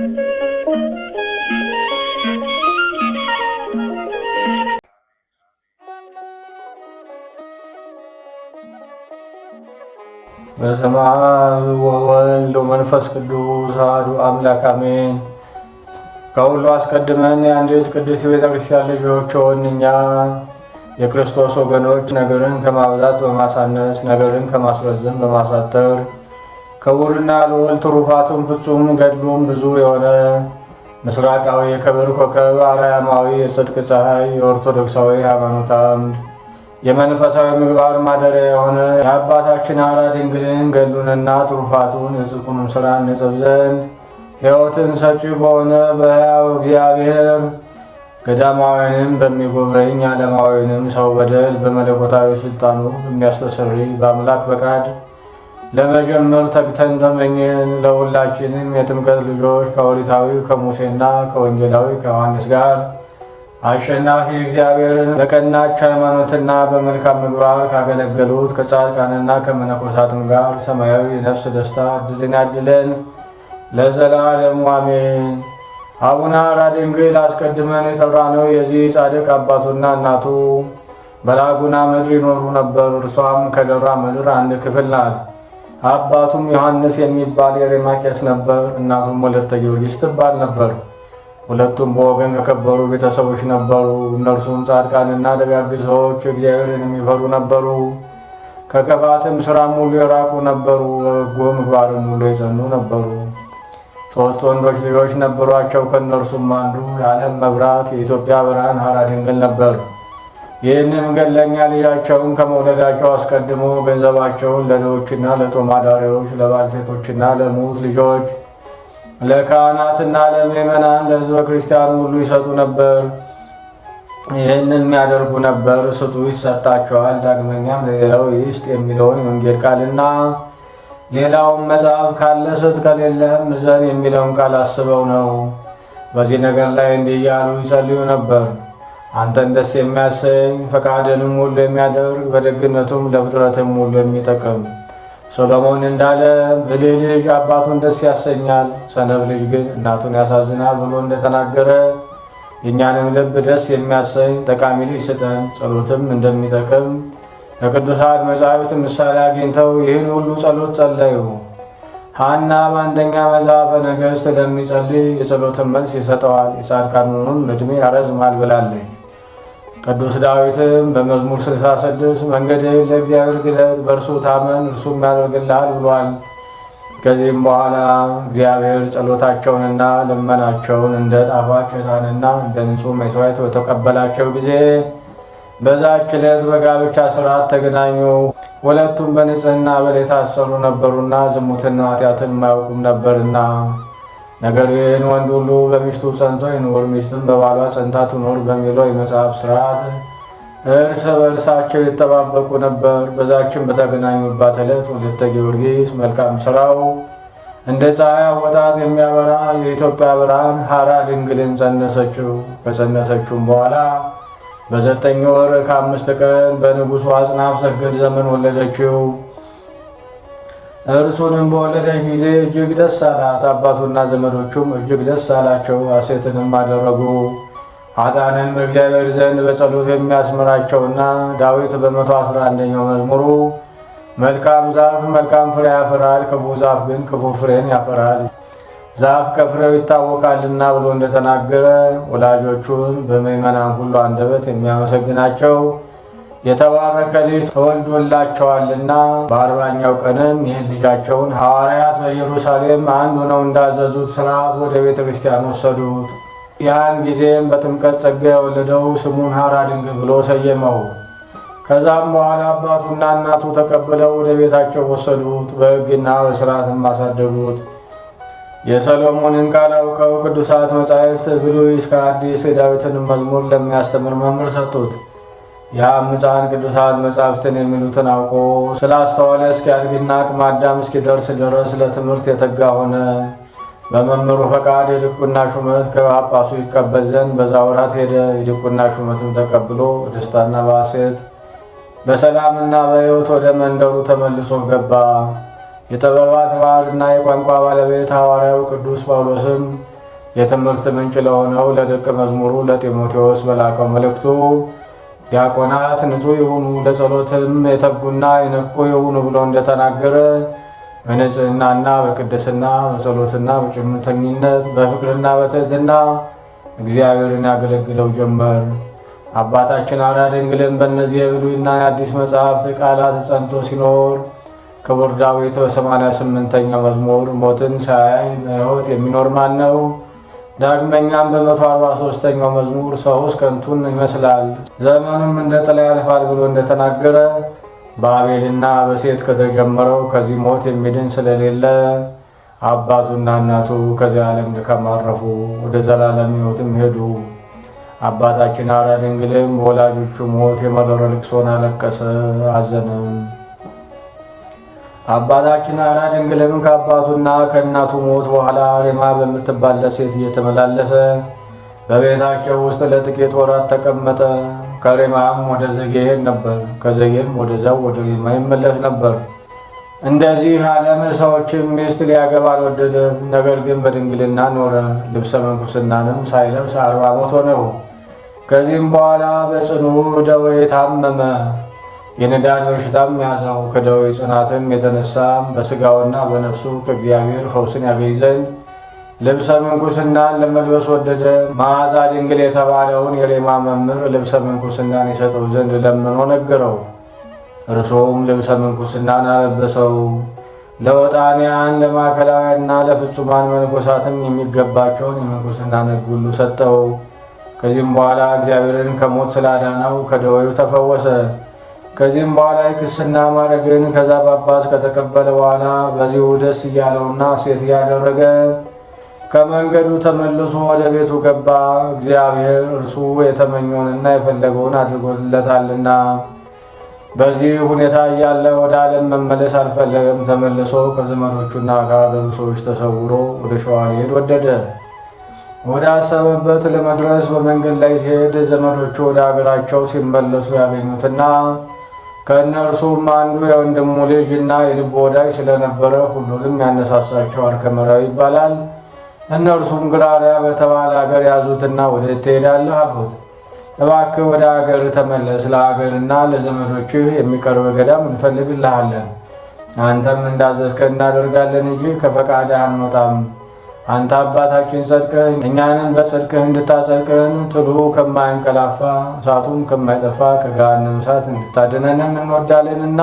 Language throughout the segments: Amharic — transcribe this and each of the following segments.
በስመ አብ ወወልድ ወመንፈስ ቅዱስ አሐዱ አምላክ አሜን። ከሁሉ አስቀድመን የአንዲት ቅድስት ቤተ ክርስቲያን ልጆች ሆን እኛ የክርስቶስ ወገኖች ነገርን ከማብዛት በማሳነስ ነገርን ከማስረዘም በማሳጠር ክቡርና ልዑል ትሩፋቱም ፍጹም ገድሉም ብዙ የሆነ ምስራቃዊ የክብር ኮከብ አርያማዊ የጽድቅ ፀሐይ የኦርቶዶክሳዊ ሃይማኖት አምድ የመንፈሳዊ ምግባር ማደሪያ የሆነ የአባታችን አራ ድንግልን ገድሉንና ትሩፋቱን የጽድቁንም ስራ እንጽፍ ዘንድ ሕይወትን ሰጪ በሆነ በሕያው እግዚአብሔር ገዳማዊንም በሚጎበኝ ዓለማዊንም ሰው በደል በመለኮታዊ ሥልጣኑ የሚያስተሰሪ በአምላክ ፈቃድ ለመጀመር ተግተን ተመኘን። ለሁላችንም የጥምቀት ልጆች ከኦሪታዊው ከሙሴና ከወንጌላዊ ከዮሐንስ ጋር አሸናፊ እግዚአብሔርን በቀናች ሃይማኖትና በመልካም ምግባር ካገለገሉት ከጻድቃንና ከመነኮሳትም ጋር ሰማያዊ የነፍስ ደስታ እድልን ያድለን ለዘላለሙ አሜን። አቡነ ሐራ ድንግል አስቀድመን የጠራነው የዚህ ጻድቅ አባቱና እናቱ በላጉና ምድር ይኖሩ ነበር። እርሷም ከደራ ምድር አንድ ክፍል ናት። አባቱም ዮሐንስ የሚባል የሬማ ቄስ ነበር። እናቱም ወለተ ጊዮርጊስ ትባል ነበር። ሁለቱም በወገን ከከበሩ ቤተሰቦች ነበሩ። እነርሱም ጻድቃንና ደጋግ ሰዎች እግዚአብሔርን የሚፈሩ ነበሩ። ከቅባትም ስራ ሙሉ የራቁ ነበሩ። በበጎ ምግባርም ሙሉ የጸኑ ነበሩ። ሦስት ወንዶች ልጆች ነበሯቸው። ከእነርሱም አንዱ የዓለም መብራት የኢትዮጵያ ብርሃን ሐራ ድንግል ነበር። ይህንም ገለኛ ልጃቸውን ከመውለዳቸው አስቀድሞ ገንዘባቸውን ለድሆችና ለጦማዳሪዎች፣ ለባልቴቶችና ለሙት ልጆች፣ ለካህናትና ለምእመናን ለህዝበ ክርስቲያን ሁሉ ይሰጡ ነበር። ይህንን የሚያደርጉ ነበር፣ ስጡ ይሰጣቸዋል። ዳግመኛም ለሌላው ይስጥ የሚለውን የወንጌል ቃልና ሌላውን መጽሐፍ ካለ ስጥ ከሌለህም ዘን የሚለውን ቃል አስበው ነው። በዚህ ነገር ላይ እንዲህ እያሉ ይጸልዩ ነበር። አንተን ደስ የሚያሰኝ ፈቃድንም ሁሉ የሚያደርግ በደግነቱም ለፍጥረትም ሁሉ የሚጠቅም ሰሎሞን እንዳለ ብልህ ልጅ አባቱን ደስ ያሰኛል፣ ሰነፍ ልጅ ግን እናቱን ያሳዝናል ብሎ እንደተናገረ የእኛንም ልብ ደስ የሚያሰኝ ጠቃሚ ልጅ ስጠን። ጸሎትም እንደሚጠቅም ከቅዱሳን መጻሕፍት ምሳሌ አግኝተው ይህን ሁሉ ጸሎት ጸለዩ። ሐና በአንደኛ መጽሐፈ ነገሥት ለሚጸልይ የጸሎትን መልስ ይሰጠዋል፣ የጻድቃኑንም ዕድሜ ያረዝማል ብላለች። ቅዱስ ዳዊትም በመዝሙር 66 መንገድህን ለእግዚአብሔር ግለጥ፣ በእርሱ ታመን እርሱም ያደርግልሃል ብሏል። ከዚህም በኋላ እግዚአብሔር ጸሎታቸውንና ልመናቸውን እንደ ጣፋጭ ዕጣንና እንደ ንጹህ መሥዋዕት በተቀበላቸው ጊዜ በዛች ዕለት በጋብቻ ሥርዓት ተገናኙ። ሁለቱም በንጽህና በል የታሰሩ ነበሩና ዝሙትና ኃጢአትን ማያውቁም ነበርና ነገር ግን ወንድ ሁሉ በሚስቱ ጸንቶ ይኑር፣ ሚስትም በባሏ ጸንታ ትኑር በሚለው የመጽሐፍ ስርዓት እርስ በእርሳቸው የተጠባበቁ ነበር። በዛችን በተገናኙባት ዕለት ወልደተ ጊዮርጊስ መልካም ስራው እንደ ፀሐይ አወጣት የሚያበራ የኢትዮጵያ ብርሃን ሐራ ድንግልን ጸነሰችው። ከጸነሰችውም በኋላ በዘጠኝ ወር ከአምስት ቀን በንጉሱ አጽናፍ ሰገድ ዘመን ወለደችው። እርሱንም በወለደች ጊዜ እጅግ ደስ አላት። አባቱና ዘመዶቹም እጅግ ደስ አላቸው። ሐሴትንም አደረጉ። ኃጥአንን በእግዚአብሔር ዘንድ በጸሎት የሚያስምራቸውና ዳዊት በመቶ አስራ አንደኛው መዝሙሩ መልካም ዛፍ መልካም ፍሬ ያፈራል፣ ክፉ ዛፍ ግን ክፉ ፍሬን ያፈራል፣ ዛፍ ከፍሬው ይታወቃልና ብሎ እንደተናገረ ወላጆቹን በምእመናን ሁሉ አንደበት የሚያመሰግናቸው የተባረከ ልጅ ተወልዶላቸዋልና በአርባኛው ቀንም ይህን ልጃቸውን ሐዋርያት በኢየሩሳሌም አንድ ሆነው እንዳዘዙት ሥርዓት ወደ ቤተ ክርስቲያን ወሰዱት። ያን ጊዜም በጥምቀት ጸጋ የወለደው ስሙን ሐራ ድንግ ብሎ ሰየመው። ከዛም በኋላ አባቱና እናቱ ተቀብለው ወደ ቤታቸው ወሰዱት፣ በሕግና በሥርዓትም አሳደጉት። የሰሎሞንን ቃል አውቀው ቅዱሳት መጻሕፍት ብሉይ እስከ አዲስ የዳዊትንም መዝሙር ለሚያስተምር መምህር ሰጡት። የአምፃን ቅዱሳት መጻሕፍትን የሚሉትን አውቆ ስላስተዋለ እስኪያድግና አቅመ አዳም እስኪደርስ ድረስ ለትምህርት የተጋ ሆነ። በመምህሩ ፈቃድ የድቁና ሹመት ከጳጳሱ ይቀበል ዘንድ በዛ ወራት ሄደ። የድቁና ሹመትን ተቀብሎ ደስታና ባሴት በሰላምና በሕይወት ወደ መንደሩ ተመልሶ ገባ። የጥበባት ባልና የቋንቋ ባለቤት ሐዋርያው ቅዱስ ጳውሎስም የትምህርት ምንጭ ለሆነው ለደቀ መዝሙሩ ለጢሞቴዎስ በላከው መልእክቱ ዲያቆናት ንጹህ የሆኑ ለጸሎትም የተጉና የነቁ የሆኑ ብሎ እንደተናገረ በንጽህናና በቅድስና በጸሎትና በጭምተኝነት በፍቅርና በትህትና እግዚአብሔርን ያገለግለው ጀመር። አባታችን አራ ድንግልን በእነዚህ የብሉይና የአዲስ መጽሐፍት ቃላት ጸንቶ ሲኖር ክቡር ዳዊት በሰማንያ ስምንተኛው መዝሙር ሞትን ሳያይ በሕይወት የሚኖር ማን ነው? ዳግመኛም በመቶ አርባ ሶስተኛው መዝሙር ሰውስ ከንቱን ይመስላል ዘመኑም እንደ ጥላ ያልፋል ብሎ እንደተናገረ በአቤልና በሴት ከተጀመረው ከዚህ ሞት የሚድን ስለሌለ አባቱና እናቱ ከዚህ ዓለም ድካም አረፉ፣ ወደ ዘላለም ሕይወትም ሄዱ። አባታችን አራ ድንግልም በወላጆቹ ሞት የመረረ ልቅሶን አለቀሰ፣ አዘነም። አባታችን አራ ድንግልም ከአባቱና ከእናቱ ሞት በኋላ ሬማ በምትባል ደሴት እየተመላለሰ በቤታቸው ውስጥ ለጥቂት ወራት ተቀመጠ። ከሬማም ወደ ዘጌ ነበር፣ ከዘጌም ወደዛው ወደ ሬማ ይመለስ ነበር። እንደዚህ ዓለም ሰዎችን ሚስት ሊያገባ አልወደደም። ነገር ግን በድንግልና ኖረ። ልብሰ መንኩስናንም ሳይለብስ አርባ ዓመት ሆነው። ከዚህም በኋላ በጽኑ ደዌ ታመመ። የነዳድ በሽታም ያዘው። ከደዌ ጽናትም የተነሳም በስጋውና በነፍሱ ከእግዚአብሔር ፈውስን ያገኝ ዘንድ ልብሰ ምንኩስናን ለመልበስ ወደደ። መዓዛ ድንግል የተባለውን የሬማ መምህር ልብሰ ምንኩስናን ይሰጠው ዘንድ ለምኖ ነገረው። እርሶም ልብሰ ምንኩስናን አለበሰው። ለወጣንያን ለማዕከላውያንና ለፍጹማን መነኮሳትም የሚገባቸውን የምንኩስና ሕግ ሁሉ ሰጠው። ከዚህም በኋላ እግዚአብሔርን ከሞት ስላዳነው ከደዌው ተፈወሰ። ከዚህም በኋላ የክርስትና ማዕረግን ከዛ ጳጳስ ከተቀበለ በኋላ በዚሁ ደስ እያለውና ሴት እያደረገ ከመንገዱ ተመልሶ ወደ ቤቱ ገባ። እግዚአብሔር እርሱ የተመኘውንና የፈለገውን አድርጎለታልና። በዚህ ሁኔታ እያለ ወደ ዓለም መመለስ አልፈለገም። ተመልሶ ከዘመዶቹና ከአገሩ ሰዎች ተሰውሮ ወደ ሸዋ ሊሄድ ወደደ። ወደ አሰበበት ለመድረስ በመንገድ ላይ ሲሄድ ዘመዶቹ ወደ አገራቸው ሲመለሱ ያገኙትና ከእነርሱም አንዱ የወንድሙ ልጅ እና የልብ ወዳጅ ስለነበረ ሁሉንም ያነሳሳቸው አርከመራዊ ይባላል። እነርሱም ግራሪያ በተባለ አገር ያዙትና ወደ ትሄዳለህ አሉት። እባክህ ወደ አገር ተመለስ፣ ለአገርና ለዘመዶችህ የሚቀርብ ገዳም እንፈልግልሃለን። አንተም እንዳዘዝከ እናደርጋለን እንጂ ከፈቃድህ አንወጣም አንተ አባታችን ጸድቀን እኛንም በጽድቅህ እንድታጸድቀን ጥሉ ከማያንቀላፋ እሳቱም ከማይጠፋ ከገሃነመ እሳት እንድታድነንም እንወዳለንና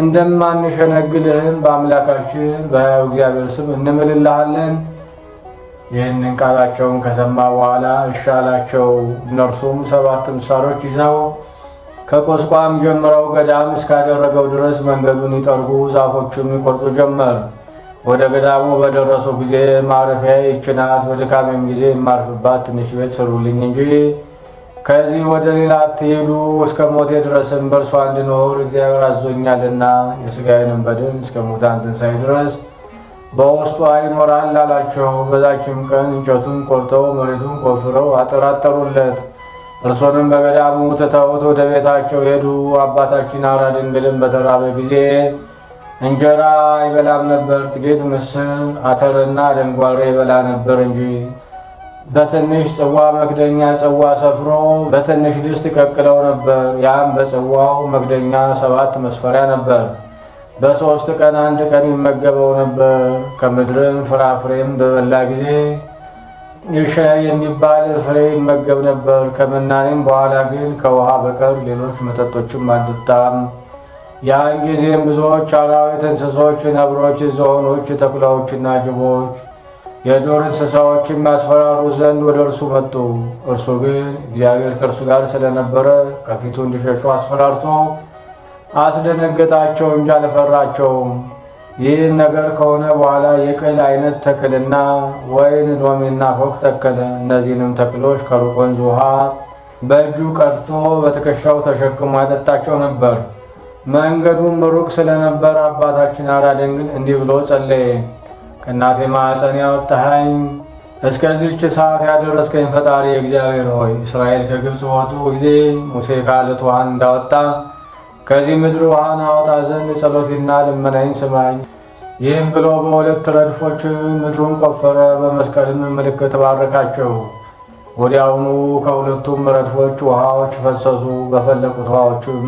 እንደማንሸነግልህም በአምላካችን በሕያው እግዚአብሔር ስም እንምልልሃለን። ይህንን ቃላቸውን ከሰማ በኋላ እሻላቸው። እነርሱም ሰባት ምሳሮች ይዘው ከቁስቋም ጀምረው ገዳም እስካደረገው ድረስ መንገዱን ይጠርጉ፣ ዛፎቹም ይቆርጡ ጀመር። ወደ ገዳሙ በደረሱ ጊዜ ማረፊያ ይችናት፣ በድካሜም ጊዜ የማርፍባት ትንሽ ቤት ስሩልኝ እንጂ ከዚህ ወደ ሌላ አትሄዱ፣ እስከ ሞቴ ድረስም በእርሷ እንድኖር እግዚአብሔር አዞኛልና የሥጋዬንም በድን እስከ ሙታን ትንሣኤ ድረስ በውስጧ ይኖራል አላቸው። በዛችም ቀን እንጨቱን ቆርጠው መሬቱን ቆፍረው አጠራጠሩለት እርሶንም በገዳሙ ትተውት ወደ ቤታቸው ሄዱ። አባታችን አራ ድንግልም በተራበ ጊዜ እንጀራ ይበላም ነበር ጥቂት ምስር አተርና ደንጓሬ ይበላ ነበር እንጂ በትንሽ ጽዋ መክደኛ ጽዋ ሰፍሮ በትንሽ ድስት ቀቅለው ነበር። ያም በጽዋው መክደኛ ሰባት መስፈሪያ ነበር። በሦስት ቀን አንድ ቀን ይመገበው ነበር። ከምድርም ፍራፍሬም በበላ ጊዜ የሻይ የሚባል ፍሬ ይመገብ ነበር። ከምናኔም በኋላ ግን ከውሃ በቀር ሌሎች መጠጦችም አልጠጣም። ያን ጊዜም ብዙዎች አራዊት፣ እንስሶች፣ ነብሮች፣ ዝሆኖች፣ ተኩላዎችና ጅቦች የዱር እንስሳዎችን ያስፈራሩ ዘንድ ወደ እርሱ መጡ። እርሱ ግን እግዚአብሔር ከእርሱ ጋር ስለነበረ ከፊቱ እንዲሸሹ አስፈራርቶ አስደነገጣቸው እንጂ አልፈራቸውም። ይህን ነገር ከሆነ በኋላ የቅል አይነት ተክልና ወይን ሎሚና ኮክ ተከለ። እነዚህንም ተክሎች ከሩቅ ወንዝ ውሃ በእጁ ቀድቶ በትከሻው ተሸክሞ ያጠጣቸው ነበር። መንገዱም ሩቅ ስለነበር አባታችን አራ ድንግል እንዲህ ብሎ ጸለየ። ከእናቴ ማዕፀን ያወጣኸኝ እስከዚች ሰዓት ያደረስከኝ ፈጣሪ እግዚአብሔር ሆይ እስራኤል ከግብፅ ወጡ ጊዜ ሙሴ ከአለት ውሃን እንዳወጣ ከዚህ ምድር ውሃን አወጣ ዘንድ ጸሎቴና ልመናኝ ስማኝ። ይህም ብሎ በሁለት ረድፎች ምድሩን ቆፈረ፣ በመስቀልም ምልክት ባረካቸው። ወዲያውኑ ከሁለቱም ረድፎች ውሃዎች ፈሰሱ፣ በፈለቁት ውሃዎችም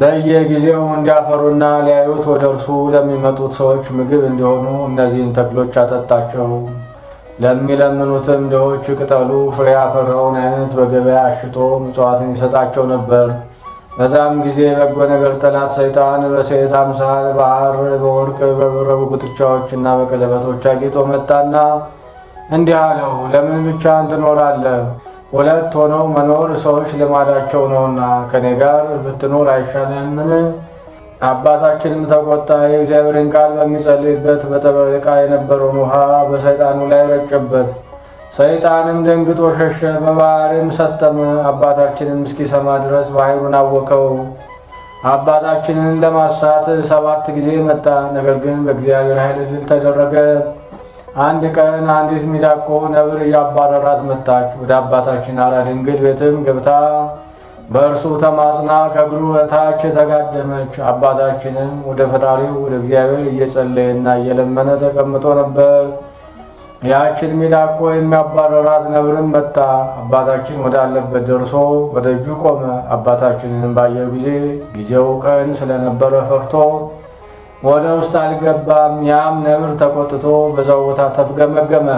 በየጊዜው እንዲያፈሩና ሊያዩት ወደ እርሱ ለሚመጡት ሰዎች ምግብ እንዲሆኑ እነዚህን ተክሎች አጠጣቸው። ለሚለምኑትም ድሆች ቅጠሉ ፍሬ ያፈራውን አይነት በገበያ አሽቶ ምጽዋትን ይሰጣቸው ነበር። በዛም ጊዜ በጎ ነገር ጠላት ሰይጣን በሴት አምሳል በሐር በወርቅ በብረቡ እና በቀለበቶች አጌጦ መጣና እንዲህ አለው፣ ለምን ብቻህን ትኖራለህ? ሁለት ሆነው መኖር ሰዎች ልማዳቸው ነውና ከኔ ጋር ብትኖር አይሻልህምን? አባታችንም ተቆጣ። የእግዚአብሔርን ቃል በሚጸልይበት በጠበቃ የነበረውን ውሃ በሰይጣኑ ላይ ረጨበት። ሰይጣንም ደንግጦ ሸሸ፣ በባህርም ሰጠመ። አባታችንም እስኪሰማ ድረስ ባህሩን አወከው። አባታችንን ለማሳት ሰባት ጊዜ መጣ። ነገር ግን በእግዚአብሔር ኃይል ድል ተደረገ። አንድ ቀን አንዲት ሚዳቆ ነብር እያባረራት መጣች። ወደ አባታችን አራ ድንግል ቤትም ገብታ በእርሱ ተማጽና ከእግሩ በታች ተጋደመች። አባታችንም ወደ ፈጣሪው ወደ እግዚአብሔር እየጸለየና እየለመነ ተቀምጦ ነበር። ያችን ሚዳቆ የሚያባረራት ነብርም መጣ። አባታችን ወዳለበት ደርሶ ወደ እጁ ቆመ። አባታችንን ባየው ጊዜ ጊዜው ቀን ስለነበረ ፈርቶ ወደ ውስጥ አልገባም። ያም ነብር ተቆጥቶ በዛው ቦታ ተፍገመገመ።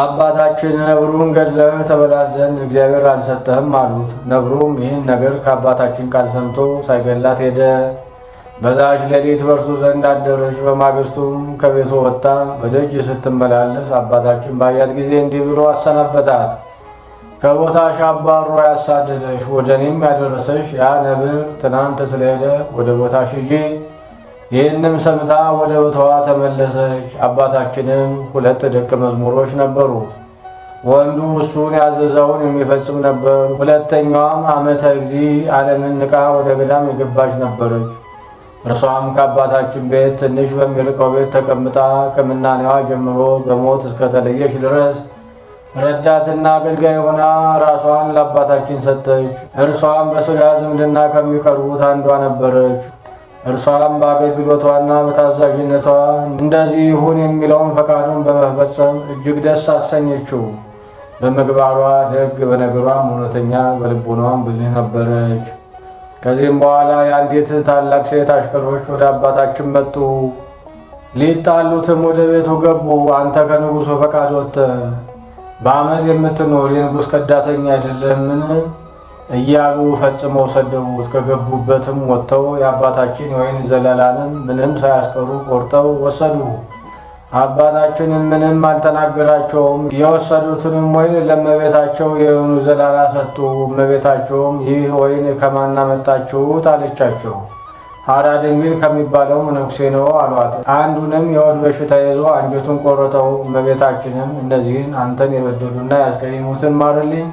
አባታችን ነብሩን ገድለህ ተበላት ዘንድ እግዚአብሔር አልሰጠህም አሉት። ነብሩም ይህን ነገር ከአባታችን ቃል ሰምቶ ሳይገላት ሄደ። በዛች ሌሊት በእርሱ ዘንድ አደረች። በማግስቱም ከቤቱ ወጥታ በደጅ ስትመላለስ አባታችን ባያት ጊዜ እንዲህ ብሎ አሰናበታት። ከቦታሽ አባሮ ያሳደደሽ ወደ እኔም ያደረሰሽ ያ ነብር ትናንት ስለሄደ ወደ ቦታሽ ሂጂ። ይህንም ሰምታ ወደ ቦታዋ ተመለሰች። አባታችንም ሁለት ደቀ መዝሙሮች ነበሩ። ወንዱ እሱን ያዘዘውን የሚፈጽም ነበር። ሁለተኛዋም ዓመተ እግዚ ዓለምን ንቃ ወደ ገዳም የገባች ነበረች። እርሷም ከአባታችን ቤት ትንሽ በሚርቀው ቤት ተቀምጣ ከምናኔዋ ጀምሮ በሞት እስከተለየች ድረስ ረዳትና አገልጋይ ሆና ራሷን ለአባታችን ሰጠች። እርሷም በስጋ ዝምድና ከሚቀርቡት አንዷ ነበረች። እርሷም በአገልግሎቷና በታዛዥነቷ እንደዚህ ይሁን የሚለውን ፈቃዱን በመፈጸም እጅግ ደስ አሰኘችው። በምግባሯ ደግ፣ በነገሯም እውነተኛ፣ በልቡናም ብልህ ነበረች። ከዚህም በኋላ የአንዲት ታላቅ ሴት አሽከሮች ወደ አባታችን መጡ። ሊጣሉትም ወደ ቤቱ ገቡ። አንተ ከንጉሡ ፈቃድ ወጥተህ በአመፅ የምትኖር የንጉሥ ከዳተኛ አይደለህምን? እያሉ ፈጽመው ሰደቡት። ከገቡበትም ወጥተው የአባታችን የወይን ዘለላንም ምንም ሳያስቀሩ ቆርጠው ወሰዱ። አባታችን ምንም አልተናገራቸውም። የወሰዱትንም ወይን ለመቤታቸው የወይኑ ዘለላ ሰጡ። እመቤታቸውም ይህ ወይን ከማን አመጣችሁት አለቻቸው። ሐራ ድንግል ከሚባለው መነኩሴ ነው አሏት። አንዱንም የሆድ በሽታ ይዞ አንጀቱን ቆረጠው። እመቤታችንም እነዚህን አንተን የበደሉና ያስቀየሙትን ማርልኝ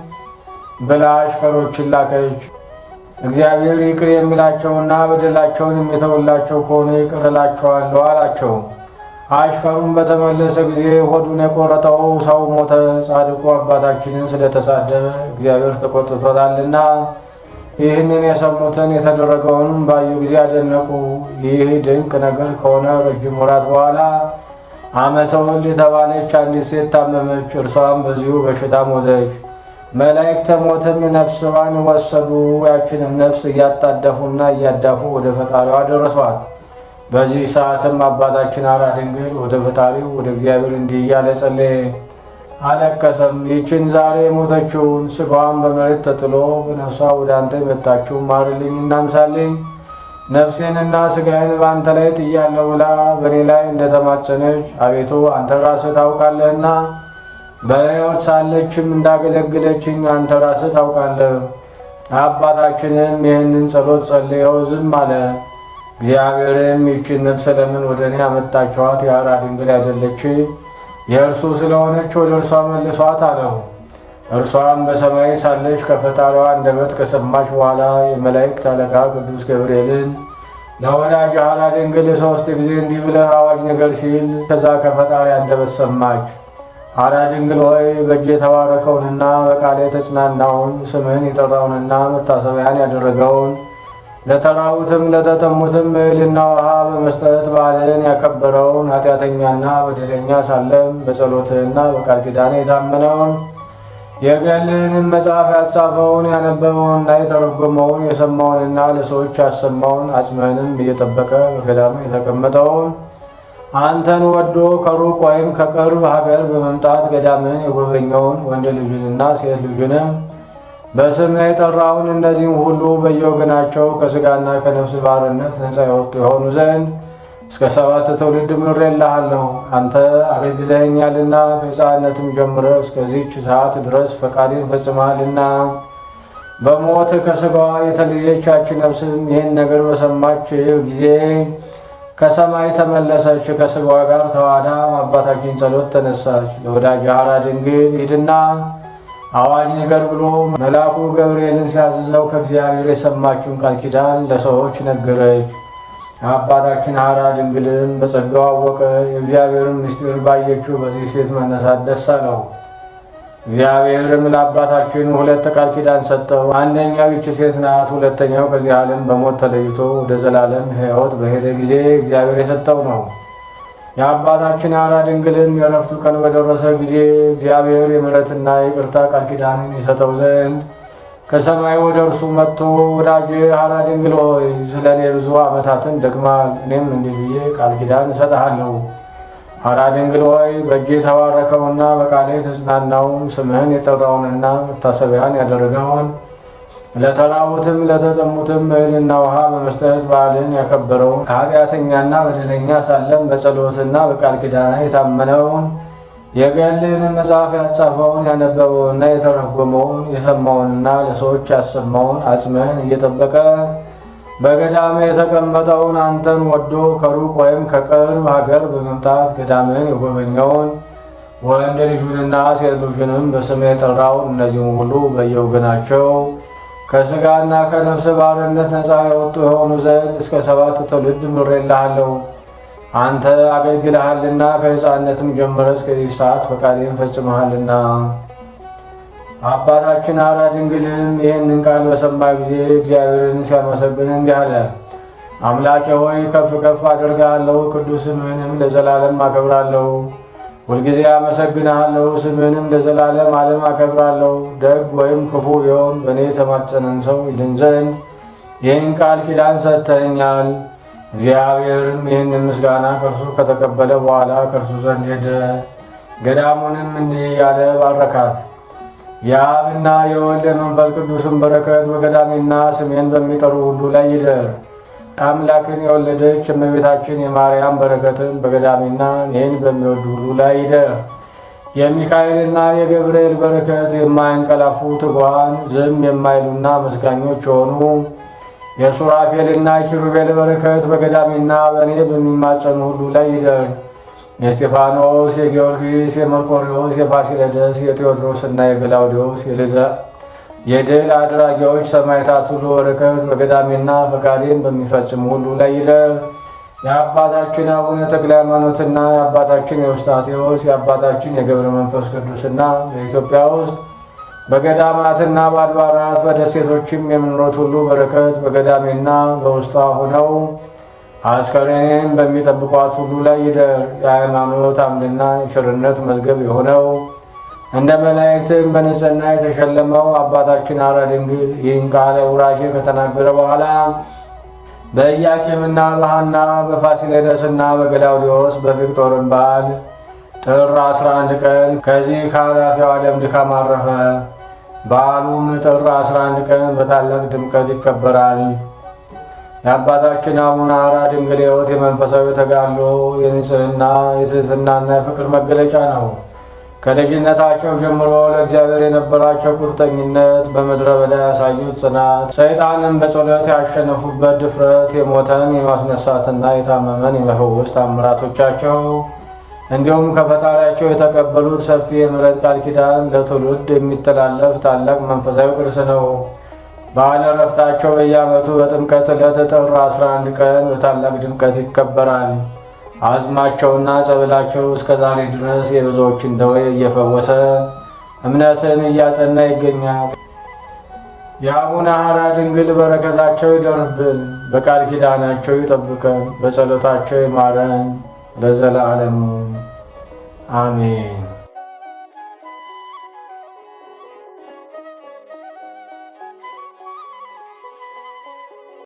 ብላ አሽከሮችን ላከች። እግዚአብሔር ይቅር የሚላቸውና በደላቸውን የሚተውላቸው ከሆነ ይቅር እላቸዋለሁ አላቸው። አሽከሩን በተመለሰ ጊዜ ሆዱን የቆረጠው ሰው ሞተ። ጻድቁ አባታችንን ስለተሳደበ እግዚአብሔር ተቆጥቶታልና ይህንን የሰሙትን የተደረገውን ባዩ ጊዜ አደነቁ። ይህ ድንቅ ነገር ከሆነ ረጅም ወራት በኋላ ዓመተ ወልድ የተባለች አንዲት ሴት ታመመች። እርሷም በዚሁ በሽታ ሞተች። መላእክተ ሞትም ነፍስዋን ወሰዱ። ያችንም ነፍስ እያጣደፉና እያዳፉ ወደ ፈጣሪዋ ደረሷት። በዚህ ሰዓትም አባታችን አራ ድንግል ወደ ፈጣሪው ወደ እግዚአብሔር እንዲህ እያለ ጸለየ አለቀሰም። ይችን ዛሬ የሞተችውን ስጋዋን በመሬት ተጥሎ በነፍሷ ወደ አንተ የመጣችው ማርልኝ፣ እናንሳልኝ ነፍሴንና ስጋዬን በአንተ ላይ ጥያለሁ ብላ በእኔ ላይ እንደተማጸነች አቤቱ አንተ ራስህ ታውቃለህና በሕይወት ሳለችም እንዳገለግለችኝ አንተ ራስህ ታውቃለህ። አባታችንም ይህንን ጸሎት ጸልየው ዝም አለ። እግዚአብሔርም ይችን ነፍስ ለምን ወደ እኔ አመጣችኋት? የአራ ድንግል አይደለች የእርሱ ስለሆነች ወደ እርሷ መልሷት አለው። እርሷም በሰማይ ሳለች ከፈጣሪዋ አንደበት ከሰማች በኋላ የመላእክት አለቃ ቅዱስ ገብርኤልን ለወዳጅ ሐራ ድንግል ሦስት ጊዜ እንዲህ ብለህ አዋጅ ነገር ሲል ከዛ ከፈጣሪ አንደበት ሰማች። ሐራ ድንግል ሆይ በእጅ የተባረከውንና በቃል የተጽናናውን ስምህን የጠራውንና መታሰቢያን ያደረገውን ለተራቡትም ለተጠሙትም እህልና ውሃ በመስጠት በዓልን ያከበረውን ኃጢአተኛና በደለኛ ሳለም በጸሎትህና በቃል ኪዳንህ የታመነውን የገድልህንም መጽሐፍ ያጻፈውን ያነበበውንና የተረጎመውን የሰማውንና ለሰዎች ያሰማውን አጽምህንም እየጠበቀ በገዳም የተቀመጠውን አንተን ወዶ ከሩቅ ወይም ከቅርብ ሀገር በመምጣት ገዳምህን የጎበኘውን ወንድ ልጁንና ሴት ልጁንም በስምህ የጠራውን እነዚህም ሁሉ በየወገናቸው ከስጋና ከነፍስ ባርነት ነፃ የሆኑ ዘንድ እስከ ሰባት ትውልድ ምሬልሃለሁ። አንተ አገልግለኸኛልና ከሕፃንነትም ጀምረ እስከዚች ሰዓት ድረስ ፈቃድን ፈጽመሃልና። በሞት ከሥጋዋ የተለየቻችን ነፍስም ይህን ነገር በሰማች ጊዜ ከሰማይ ተመለሰች፣ ከስጋዋ ጋር ተዋህዳ አባታችን ጸሎት ተነሳች። ለወዳጅ ሐራ ድንግል ሂድና አዋጅ ነገር ብሎ መልአኩ ገብርኤልን ሲያዝዘው ከእግዚአብሔር የሰማችውን ቃል ኪዳን ለሰዎች ነገረች። አባታችን ሐራ ድንግልም በጸጋው አወቀ። የእግዚአብሔርን ምስጢር ባየችው በዚህ ሴት መነሳት ደስ አለው። እግዚአብሔርም ለአባታችን ሁለት ቃል ኪዳን ሰጠው። አንደኛው ይች ሴት ናት። ሁለተኛው ከዚህ ዓለም በሞት ተለይቶ ወደ ዘላለም ሕይወት በሄደ ጊዜ እግዚአብሔር የሰጠው ነው። የአባታችን የአራ ድንግልም የእረፍቱ ቀን በደረሰ ጊዜ እግዚአብሔር የምሕረትና ይቅርታ ቃል ኪዳንን ይሰጠው ዘንድ ከሰማይ ወደ እርሱ መጥቶ ወዳጄ አራ ድንግል ሆይ ስለ እኔ ብዙ ዓመታትን ደክማል፣ እኔም እንዲህ ብዬ ቃል ኪዳን እሰጥሃለሁ። አራ ድንግል ሆይ በእጅ የተባረከውና በቃሌ የተጽናናውን ስምህን የጠራውንና መታሰቢያን ያደረገውን ለተራቡትም ለተጠሙትም እህልና ውሃ በመስጠት በዓልን ያከበረው ኃጢአተኛና በደለኛ ሳለን በጸሎትና በቃል ኪዳን የታመነውን የገልን መጽሐፍ ያጻፈውን ያነበበውንና የተረጎመውን የሰማውንና ለሰዎች ያሰማውን አጽምህን እየጠበቀ በገዳም የተቀመጠውን አንተን ወዶ ከሩቅ ወይም ከቅርብ ሀገር በመምጣት ገዳምን የጎበኘውን ወንድ ልጁንና ሴት ልጁንም በስሜ የጠራውን እነዚህም ሁሉ በየወገናቸው ከስጋና ከነፍስ ባርነት ነፃ የወጡ የሆኑ ዘንድ እስከ ሰባት ትውልድ ምሬልሃለሁ። አንተ አገልግልሃልና ከሕፃነትም ጀምረ እስከዚህ ሰዓት ፈቃዴን ፈጽመሃልና። አባታችን አራ ድንግልም ይህንን ቃል በሰማ ጊዜ እግዚአብሔርን ሲያመሰግን እንዲህ አለ። አምላኬ ሆይ ከፍ ከፍ አደርግሃለሁ፣ ቅዱስ ስምህንም ለዘላለም አከብራለሁ። ሁልጊዜ አመሰግንሃለሁ፣ ስምህንም ለዘላለም ዓለም አከብራለሁ። ደግ ወይም ክፉ ቢሆን በእኔ የተማጸነን ሰው ይድን ዘንድ ይህን ቃል ኪዳን ሰጥተኛል። እግዚአብሔርም ይህንን ምስጋና ከእርሱ ከተቀበለ በኋላ ከእርሱ ዘንድ ሄደ። ገዳሙንም እንዲህ ያለ ባረካት። የአብና የወልድ መንፈስ ቅዱስን በረከት በገዳሜና ስሜን በሚጠሩ ሁሉ ላይ ይደር። አምላክን የወለደች እመቤታችን የማርያም በረከትን በገዳሚና ይህን በሚወዱ ሁሉ ላይ ይደ የሚካኤልና የገብርኤል በረከት የማይንቀላፉ ትጉሃን ዝም የማይሉና መስጋኞች የሆኑ የሱራፌልና የኪሩቤል በረከት በገዳሚና በእኔ በሚማጸኑ ሁሉ ላይ ይደር። የስቴፋኖስ፣ የጊዮርጊስ፣ የመርቆሪዎስ፣ የፋሲለደስ፣ የቴዎድሮስና የገላውዲዎስ የልደ የድል አድራጊዎች ሰማዕታት ሁሉ በረከት በገዳሜና ፈቃዴን በሚፈጽሙ ሁሉ ላይ ይደር። የአባታችን አቡነ ተክለ ሃይማኖትና የአባታችን የውስታቴዎስ የአባታችን የገብረ መንፈስ ቅዱስና በኢትዮጵያ ውስጥ በገዳማትና በአድባራት በደሴቶችም የምንኖት ሁሉ በረከት በገዳሜና በውስጧ ሆነው አስከሬኔን በሚጠብቋት ሁሉ ላይ ይደር። የሃይማኖት አምድና የሽርነት መዝገብ የሆነው እንደ መላእክትም በንጽሕና የተሸለመው አባታችን አራ ድንግል ይህን ቃለ ቡራኬ ከተናገረ በኋላ በኢያቄምና ሐና በፋሲለደስና በገላውዴዎስ በፊቅጦርን በዓል ጥር 11 ቀን ከዚህ ከኃላፊው ዓለም ድካም አረፈ። በዓሉም ጥር 11 ቀን በታላቅ ድምቀት ይከበራል። የአባታችን አቡነ አራ ድንግል ሕይወት የመንፈሳዊ ተጋድሎ የንጽህና የትህትናና የፍቅር መገለጫ ነው። ከልጅነታቸው ጀምሮ ለእግዚአብሔር የነበራቸው ቁርጠኝነት፣ በምድረ በዳ ያሳዩት ጽናት፣ ሰይጣንን በጸሎት ያሸነፉበት ድፍረት፣ የሞተን የማስነሳትና የታመመን የመፈወስ ታምራቶቻቸው እንዲሁም ከፈጣሪያቸው የተቀበሉት ሰፊ የምሕረት ቃል ኪዳን ለትውልድ የሚተላለፍ ታላቅ መንፈሳዊ ቅርስ ነው። በዓለ ዕረፍታቸው በየዓመቱ በጥምቀት ዕለት ጥር 11 ቀን በታላቅ ድምቀት ይከበራል። አጽማቸውና ጸበላቸው እስከ ዛሬ ድረስ የብዙዎችን ደዌ እየፈወሰ እምነትን እያጸና ይገኛል። የአቡነ ሐራ ድንግል በረከታቸው ይደርብን፣ በቃል ኪዳናቸው ይጠብቀን፣ በጸሎታቸው ይማረን ለዘላለሙ አሜን።